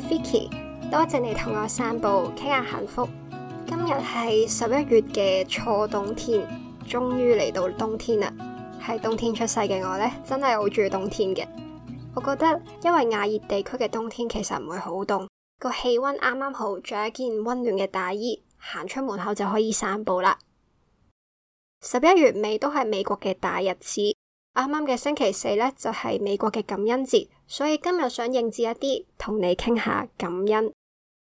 v i k y 多謝你同我散步，傾下幸福。今日係十一月嘅初冬天，終於嚟到冬天啦。喺冬天出世嘅我呢，真係好中意冬天嘅。我覺得因為亞熱地區嘅冬天其實唔會好凍，個氣溫啱啱好，着一件溫暖嘅大衣，行出門口就可以散步啦。十一月尾都係美國嘅大日子。啱啱嘅星期四呢，就係美國嘅感恩節，所以今日想認知一啲，同你傾下感恩。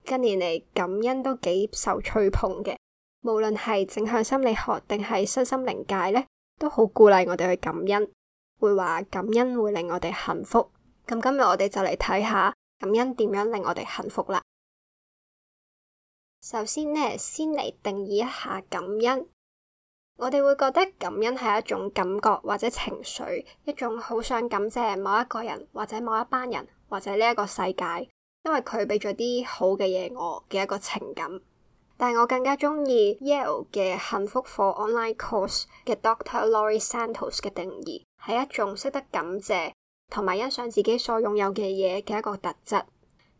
近年嚟，感恩都幾受吹捧嘅，無論係正向心理學定係身心靈界呢，都好鼓勵我哋去感恩。會話感恩會令我哋幸福，咁今日我哋就嚟睇下感恩點樣令我哋幸福啦。首先呢，先嚟定義一下感恩。我哋會覺得感恩係一種感覺或者情緒，一種好想感謝某一個人或者某一班人或者呢一個世界，因為佢畀咗啲好嘅嘢我嘅一個情感。但係我更加鍾意 Yale 嘅幸福課 online course 嘅 Doctor Laurie Santos 嘅定義係一種識得感謝同埋欣賞自己所擁有嘅嘢嘅一個特質。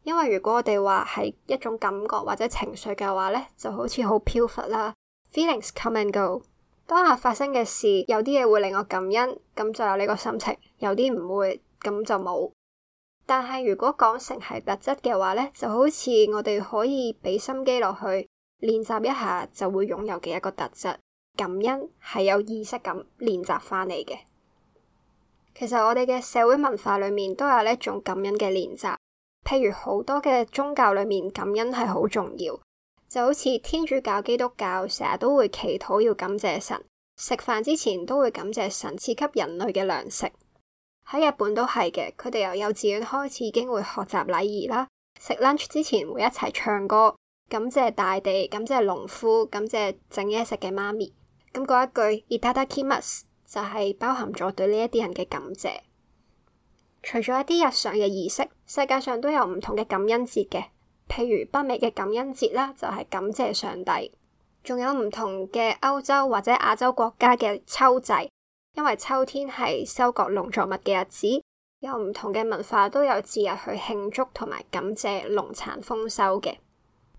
因為如果我哋話係一種感覺或者情緒嘅話咧，就好似好飄忽啦，feelings come and go。當下發生嘅事，有啲嘢會令我感恩，咁就有呢個心情；有啲唔會，咁就冇。但係如果講成係特質嘅話咧，就好似我哋可以畀心機落去練習一下，就會擁有嘅一個特質。感恩係有意識咁練習翻嚟嘅。其實我哋嘅社會文化裏面都有呢一種感恩嘅練習，譬如好多嘅宗教裏面，感恩係好重要。就好似天主教、基督教，成日都會祈禱要感謝神，食飯之前都會感謝神賜給人類嘅糧食。喺日本都係嘅，佢哋由幼稚園開始已經會學習禮儀啦。食 lunch 之前會一齊唱歌，感謝大地，感謝農夫，感謝整嘢食嘅媽咪。咁嗰一句 itadakimasu 就係、是、包含咗對呢一啲人嘅感謝。除咗一啲日常嘅儀式，世界上都有唔同嘅感恩節嘅。譬如北美嘅感恩節啦，就係感謝上帝；仲有唔同嘅歐洲或者亞洲國家嘅秋祭，因為秋天係收割農作物嘅日子，有唔同嘅文化都有節日去慶祝同埋感謝農產豐收嘅。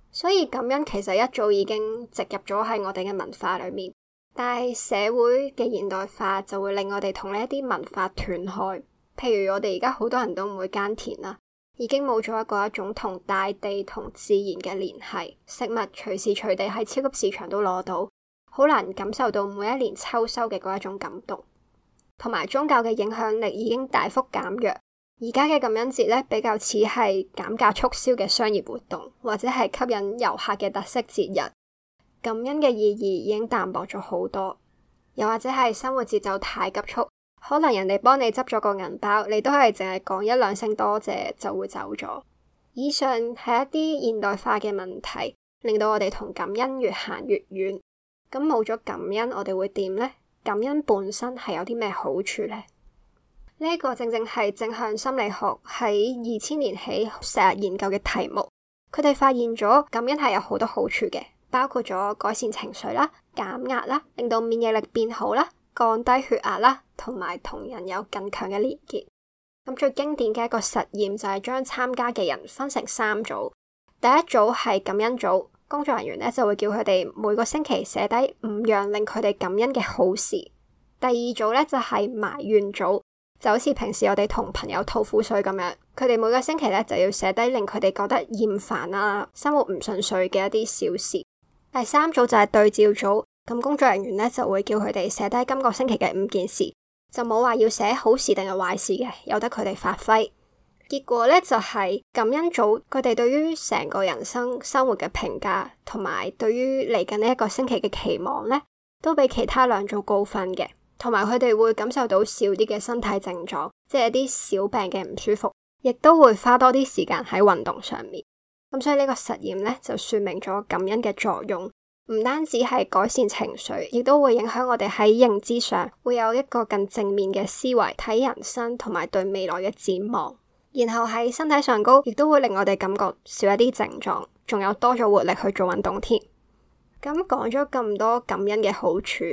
所以感恩其實一早已經植入咗喺我哋嘅文化裏面，但係社會嘅現代化就會令我哋同呢一啲文化斷開。譬如我哋而家好多人都唔會耕田啦。已經冇咗一個一種同大地同自然嘅聯繫，食物隨時隨地喺超級市場都攞到，好難感受到每一年秋收嘅嗰一種感動。同埋宗教嘅影響力已經大幅減弱，而家嘅感恩節呢，比較似係減價促銷嘅商業活動，或者係吸引遊客嘅特色節日。感恩嘅意義已經淡薄咗好多，又或者係生活節奏太急促。可能人哋幫你執咗個銀包，你都係淨係講一兩聲多謝就會走咗。以上係一啲現代化嘅問題，令到我哋同感恩越行越遠。咁冇咗感恩，我哋會點呢？感恩本身係有啲咩好處呢？呢個正正係正向心理學喺二千年起成日研究嘅題目。佢哋發現咗感恩係有好多好處嘅，包括咗改善情緒啦、減壓啦、令到免疫力變好啦、降低血壓啦。同埋同人有更強嘅連結。咁最經典嘅一個實驗就係將參加嘅人分成三組，第一組係感恩組，工作人員咧就會叫佢哋每個星期寫低五樣令佢哋感恩嘅好事。第二組咧就係埋怨組，就好似平時我哋同朋友吐苦水咁樣，佢哋每個星期咧就要寫低令佢哋覺得厭煩啊、生活唔順遂嘅一啲小事。第三組就係對照組，咁工作人員咧就會叫佢哋寫低今個星期嘅五件事。就冇話要寫好事定係壞事嘅，由得佢哋發揮。結果咧就係感恩組佢哋對於成個人生生活嘅評價，同埋對於嚟緊呢一個星期嘅期望咧，都比其他兩組高分嘅。同埋佢哋會感受到少啲嘅身體症狀，即係啲小病嘅唔舒服，亦都會花多啲時間喺運動上面。咁所以呢個實驗咧就說明咗感恩嘅作用。唔單止係改善情緒，亦都會影響我哋喺認知上會有一個更正面嘅思維，睇人生同埋對未來嘅展望。然後喺身體上高，亦都會令我哋感覺少一啲症狀，仲有多咗活力去做運動。添咁講咗咁多感恩嘅好處，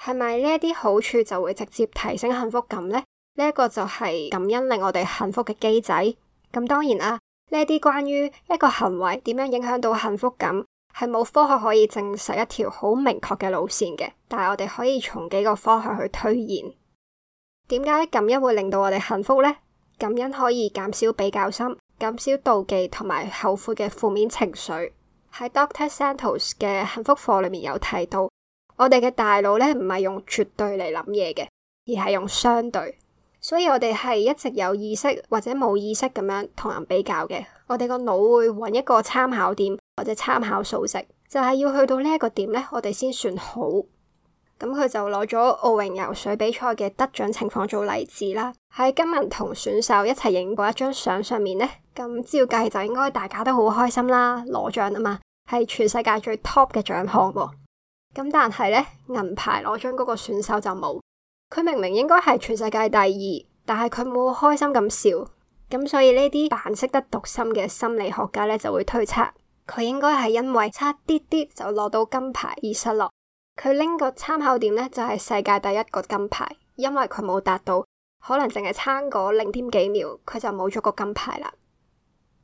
係咪呢一啲好處就會直接提升幸福感呢？呢、呢、一個就係感恩令我哋幸福嘅機制。咁、嗯、當然啦、啊，呢一啲關於一個行為點樣影響到幸福感。係冇科學可以證實一條好明確嘅路線嘅，但係我哋可以從幾個方向去推演。點解感恩會令到我哋幸福呢？感恩可以減少比較心，減少妒忌同埋後悔嘅負面情緒。喺 Doctor Santos 嘅幸福課裏面有提到，我哋嘅大腦咧唔係用絕對嚟諗嘢嘅，而係用相對。所以我哋係一直有意識或者冇意識咁樣同人比較嘅。我哋個腦會揾一個參考點。或者參考數值，就係要去到呢一個點咧，我哋先算好咁。佢就攞咗奧運游水比賽嘅得獎情況做例子啦。喺今日同選手一齊影過一張相，上面呢，咁照計就應該大家都好開心啦，攞獎啊嘛，係全世界最 top 嘅獎項。咁但係呢，銀牌攞獎嗰個選手就冇，佢明明應該係全世界第二，但係佢冇開心咁笑咁，所以呢啲扮識得讀心嘅心理學家呢，就會推測。佢應該係因為差啲啲就攞到金牌而失落。佢拎個參考點呢，就係世界第一個金牌，因為佢冇達到，可能淨係差嗰零點幾秒，佢就冇咗個金牌啦。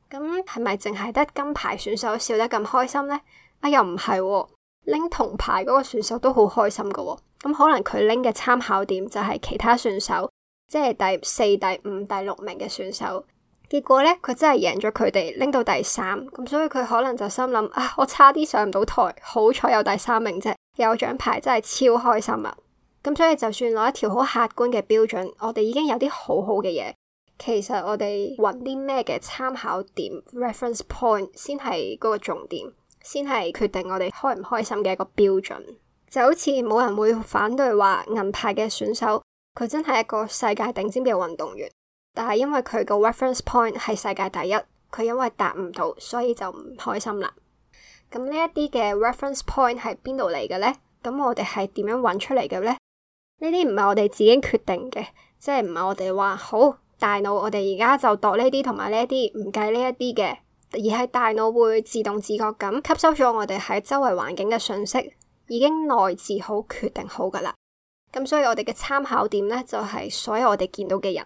咁係咪淨係得金牌選手笑得咁開心呢？啊、哎，又唔係喎，拎銅牌嗰個選手都好開心噶喎。咁可能佢拎嘅參考點就係其他選手，即係第四、第五、第六名嘅選手。結果咧，佢真係贏咗佢哋，拎到第三。咁所以佢可能就心諗：啊，我差啲上唔到台，好彩有第三名啫，有獎牌真係超開心啊！咁所以就算攞一條好客觀嘅標準，我哋已經有啲好好嘅嘢。其實我哋揾啲咩嘅參考點 （reference point） 先係嗰個重點，先係決定我哋開唔開心嘅一個標準。就好似冇人會反對話，銀牌嘅選手，佢真係一個世界頂尖嘅運動員。但係因為佢個 reference point 係世界第一，佢因為達唔到，所以就唔開心啦。咁呢一啲嘅 reference point 係邊度嚟嘅咧？咁我哋係點樣揾出嚟嘅咧？呢啲唔係我哋自己決定嘅，即係唔係我哋話好，大腦我哋而家就度呢啲同埋呢一啲，唔計呢一啲嘅，而係大腦會自動自覺咁吸收咗我哋喺周圍環境嘅信息，已經內置好決定好噶啦。咁所以我哋嘅參考點咧，就係所有我哋見到嘅人。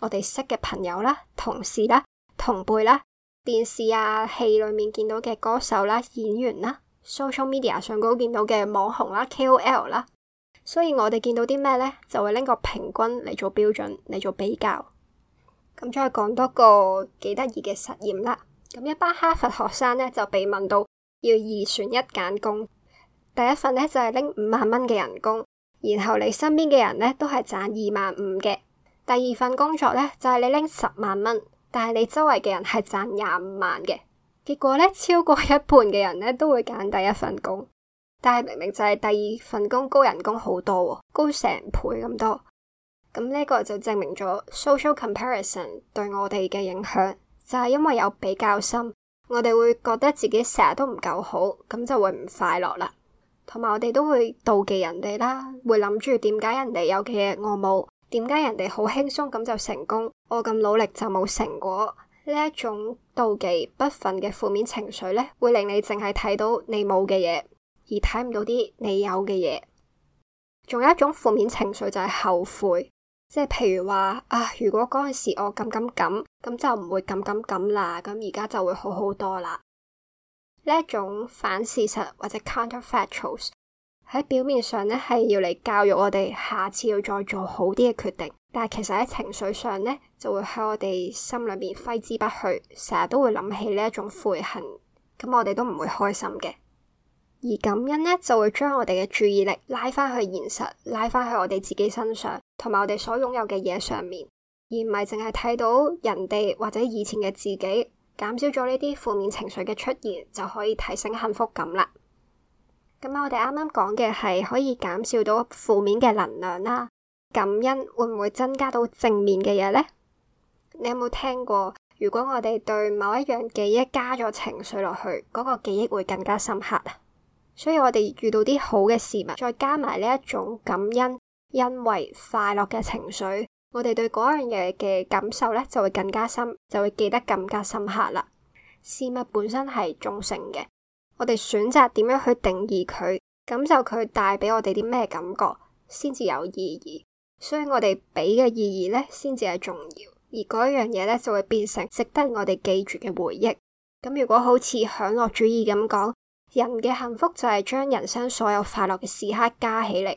我哋識嘅朋友啦、同事啦、同輩啦、電視啊、戲裏面見到嘅歌手啦、演員啦、social media 上高見到嘅網紅啦、KOL 啦，所以我哋見到啲咩咧，就會拎個平均嚟，做標準嚟做比較。咁再講多個幾得意嘅實驗啦。咁一班哈佛學生咧就被問到要二選一揀工，第一份咧就係拎五萬蚊嘅人工，然後你身邊嘅人咧都係賺二萬五嘅。第二份工作呢，就係你拎十萬蚊，但係你周圍嘅人係賺廿五萬嘅，結果呢，超過一半嘅人呢，都會揀第一份工，但係明明就係第二份工高人工好多喎，高成倍咁多，咁呢個就證明咗 social comparison 對我哋嘅影響，就係因為有比較心，我哋會覺得自己成日都唔夠好，咁就會唔快樂啦，同埋我哋都會妒忌人哋啦，會諗住點解人哋有嘅我冇。點解人哋好輕鬆咁就成功，我咁努力就冇成果？呢一種妒忌、不忿嘅負面情緒咧，會令你淨係睇到你冇嘅嘢，而睇唔到啲你有嘅嘢。仲有一種負面情緒就係後悔，即係譬如話啊，如果嗰陣時我咁咁咁，咁就唔會咁咁咁啦，咁而家就會好好多啦。呢一種反事實或者 counterfactuals 喺表面上咧，係要嚟教育我哋下次要再做好啲嘅決定，但係其實喺情緒上咧，就會喺我哋心裏面揮之不去，成日都會諗起呢一種悔恨，咁我哋都唔會開心嘅。而感恩咧，就會將我哋嘅注意力拉返去現實，拉返去我哋自己身上，同埋我哋所擁有嘅嘢上面，而唔係淨係睇到人哋或者以前嘅自己，減少咗呢啲負面情緒嘅出現，就可以提升幸福感啦。咁我哋啱啱講嘅係可以減少到負面嘅能量啦。感恩會唔會增加到正面嘅嘢呢？你有冇聽過？如果我哋對某一樣記憶加咗情緒落去，嗰個記憶會更加深刻。所以我哋遇到啲好嘅事物，再加埋呢一種感恩，因為快樂嘅情緒，我哋對嗰樣嘢嘅感受呢，就會更加深，就會記得更加深刻啦。事物本身係中性嘅。我哋選擇點樣去定義佢，咁就佢帶俾我哋啲咩感覺，先至有意義。所以我哋俾嘅意義咧，先至係重要，而嗰樣嘢咧就會變成值得我哋記住嘅回憶。咁如果好似享樂主義咁講，人嘅幸福就係將人生所有快樂嘅時刻加起嚟，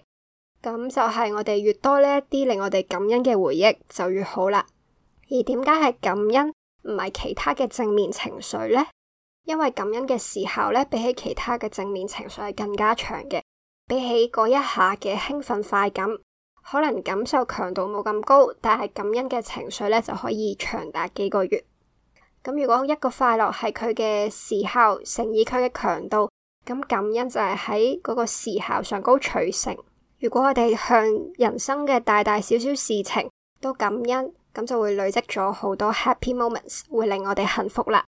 咁就係我哋越多呢一啲令我哋感恩嘅回憶就越好啦。而點解係感恩，唔係其他嘅正面情緒咧？因為感恩嘅時效咧，比起其他嘅正面情緒係更加長嘅。比起嗰一下嘅興奮快感，可能感受強度冇咁高，但係感恩嘅情緒咧就可以長達幾個月。咁如果一個快樂係佢嘅時效，乘以佢嘅強度，咁感恩就係喺嗰個時效上高取勝。如果我哋向人生嘅大大小小事情都感恩，咁就會累積咗好多 happy moments，會令我哋幸福啦。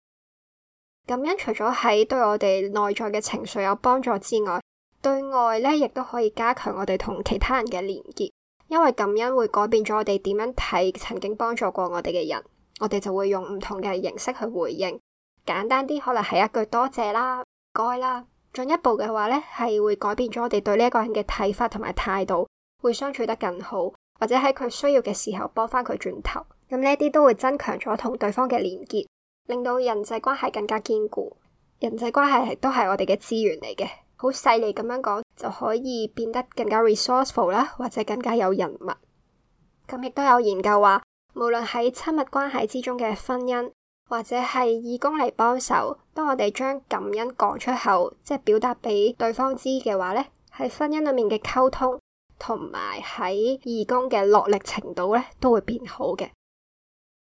感恩除咗喺對我哋內在嘅情緒有幫助之外，對外咧亦都可以加強我哋同其他人嘅連結，因為感恩會改變咗我哋點樣睇曾經幫助過我哋嘅人，我哋就會用唔同嘅形式去回應。簡單啲，可能係一句多謝啦、唔該啦。進一步嘅話咧，係會改變咗我哋對呢一個人嘅睇法同埋態度，會相處得更好，或者喺佢需要嘅時候幫翻佢轉頭。咁呢一啲都會增強咗同對方嘅連結。令到人際關係更加堅固，人際關係都係我哋嘅資源嚟嘅。好細膩咁樣講，就可以變得更加 resourceful 啦，或者更加有人脈。咁亦都有研究話，無論喺親密關係之中嘅婚姻，或者係義工嚟幫手，當我哋將感恩講出口，即係表達俾對方知嘅話咧，喺婚姻裡面嘅溝通，同埋喺義工嘅落力程度咧，都會變好嘅。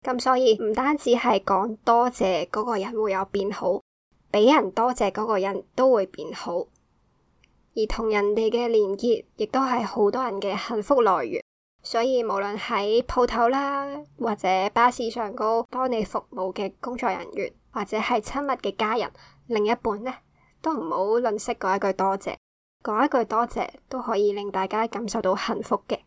咁所以唔單止係講多謝嗰個人會有變好，俾人多謝嗰個人都會變好，而同人哋嘅連結亦都係好多人嘅幸福來源。所以無論喺鋪頭啦，或者巴士上高，幫你服務嘅工作人員或者係親密嘅家人，另一半呢，都唔好吝嗇講一句多謝，講一句多謝都可以令大家感受到幸福嘅。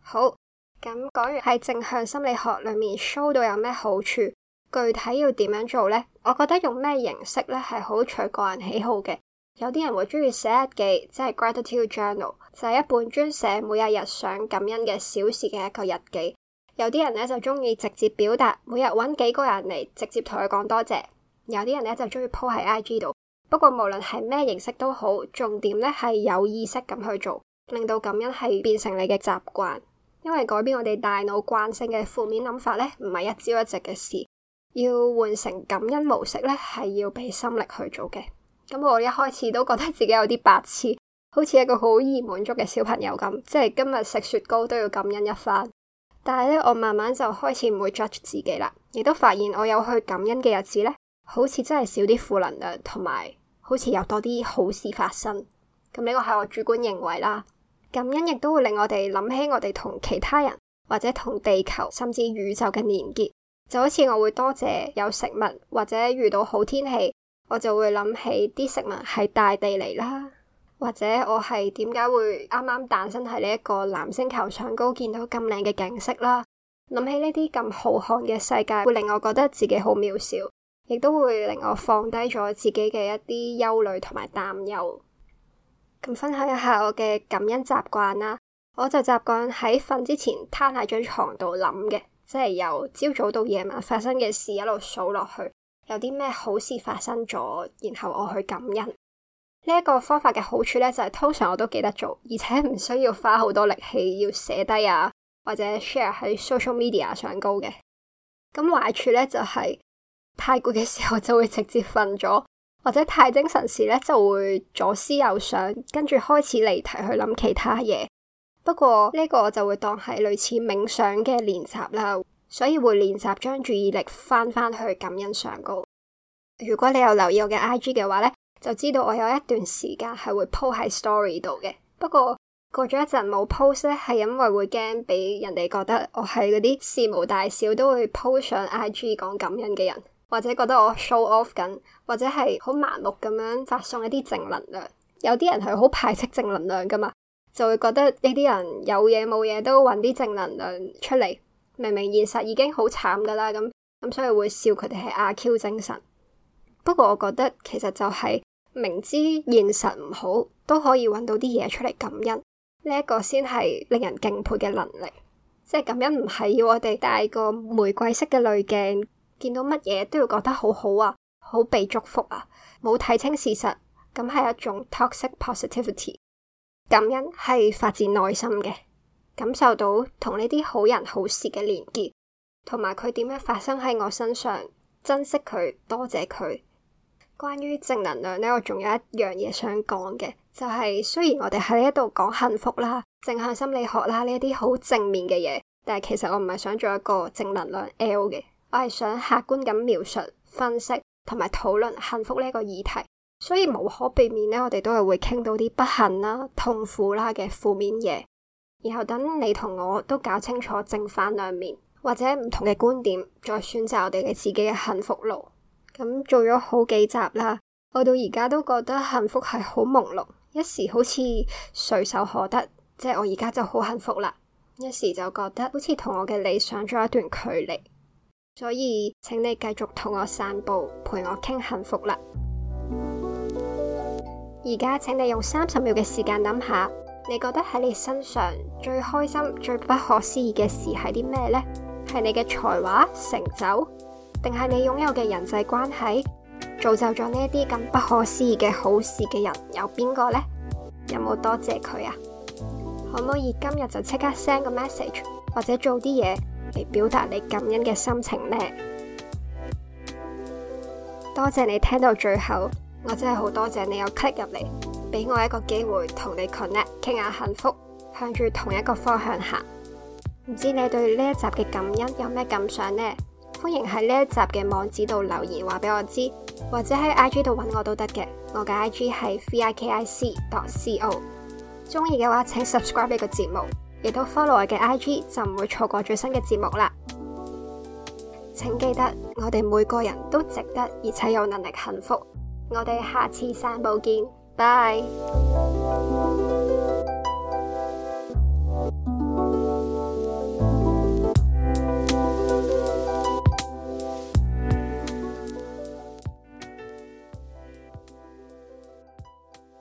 好。咁講完係正向心理學裏面 show 到有咩好處，具體要點樣做呢？我覺得用咩形式咧，係好取個人喜好嘅。有啲人會中意寫日記，即係 gratitude journal，就係一本專寫每日日上感恩嘅小事嘅一個日記。有啲人咧，就中意直接表達，每日揾幾個人嚟，直接同佢講多謝。有啲人咧，就中意 po 喺 IG 度。不過無論係咩形式都好，重點咧，係有意識咁去做，令到感恩係變成你嘅習慣。因為改變我哋大腦慣性嘅負面諗法咧，唔係一朝一夕嘅事，要換成感恩模式咧，係要俾心力去做嘅。咁我一開始都覺得自己有啲白痴，好似一個好易滿足嘅小朋友咁，即係今日食雪糕都要感恩一番。但係咧，我慢慢就開始唔會 judge 自己啦，亦都發現我有去感恩嘅日子咧，好似真係少啲負能量，同埋好似有多啲好事發生。咁呢個係我主觀認為啦。感恩亦都會令我哋諗起我哋同其他人或者同地球甚至宇宙嘅連結，就好似我會多謝有食物或者遇到好天氣，我就會諗起啲食物係大地嚟啦，或者我係點解會啱啱誕生喺呢一個藍星球上高見到咁靚嘅景色啦，諗起呢啲咁浩瀚嘅世界會令我覺得自己好渺小，亦都會令我放低咗自己嘅一啲憂慮同埋擔憂。咁分享一下我嘅感恩習慣啦，我就習慣喺瞓之前攤喺張床度諗嘅，即係由朝早到夜晚發生嘅事一路數落去，有啲咩好事發生咗，然後我去感恩。呢一個方法嘅好處咧，就係通常我都記得做，而且唔需要花好多力氣要寫低啊，或者 share 喺 social media 上高嘅。咁壞處咧就係太攰嘅時候就會直接瞓咗。或者太精神時咧，就會左思右想，跟住開始離題去諗其他嘢。不過呢個就會當係類似冥想嘅練習啦，所以會練習將注意力翻翻去感恩上高。如果你有留意我嘅 I G 嘅話呢，就知道我有一段時間係會 po 喺 story 度嘅。不過過咗一陣冇 post 咧，係因為會驚俾人哋覺得我係嗰啲事無大小都會 po 上 I G 講感恩嘅人。或者覺得我 show off 緊，或者係好麻木咁樣發送一啲正能量，有啲人係好排斥正能量噶嘛，就會覺得呢啲人有嘢冇嘢都揾啲正能量出嚟，明明現實已經好慘噶啦，咁咁所以會笑佢哋係阿 Q 精神。不過我覺得其實就係明知現實唔好，都可以揾到啲嘢出嚟感恩，呢、這、一個先係令人敬佩嘅能力。即係感恩唔係要我哋戴個玫瑰色嘅濾鏡。見到乜嘢都要覺得好好啊，好被祝福啊，冇睇清事實，咁係一種 toxic positivity。感恩係發自內心嘅，感受到同呢啲好人好事嘅連結，同埋佢點樣發生喺我身上，珍惜佢，多謝佢。關於正能量呢，我仲有一樣嘢想講嘅，就係、是、雖然我哋喺呢一度講幸福啦、正向心理學啦呢一啲好正面嘅嘢，但係其實我唔係想做一個正能量 L 嘅。我係想客觀咁描述、分析同埋討論幸福呢個議題，所以無可避免呢，我哋都係會傾到啲不幸啦、痛苦啦嘅負面嘢。然後等你同我都搞清楚正反兩面或者唔同嘅觀點，再選擇我哋嘅自己嘅幸福路。咁做咗好幾集啦，我到而家都覺得幸福係好朦朧，一時好似隨手可得，即係我而家就好幸福啦。一時就覺得好似同我嘅理想仲有一段距離。所以，請你繼續同我散步，陪我傾幸福啦。而家，請你用三十秒嘅時間諗下，你覺得喺你身上最開心、最不可思議嘅事係啲咩呢？係你嘅才華、成就，定係你擁有嘅人際關係，造就咗呢一啲咁不可思議嘅好事嘅人有邊個呢？有冇多謝佢啊？可唔可以今日就即刻 send 個 message，或者做啲嘢，嚟表達你感恩嘅心情呢？多謝你聽到最後，我真係好多謝你有 click 入嚟，俾我一個機會同你 connect，傾下幸福，向住同一個方向行。唔知你對呢一集嘅感恩有咩感想呢？歡迎喺呢一集嘅網址度留言話俾我知，或者喺 IG 度揾我都得嘅。我嘅 IG 係 vikic.co。中意嘅話請 subscribe 呢個節目。亦都 follow 我嘅 IG 就唔會錯過最新嘅節目啦！請記得，我哋每個人都值得而且有能力幸福。我哋下次散步見，Bye。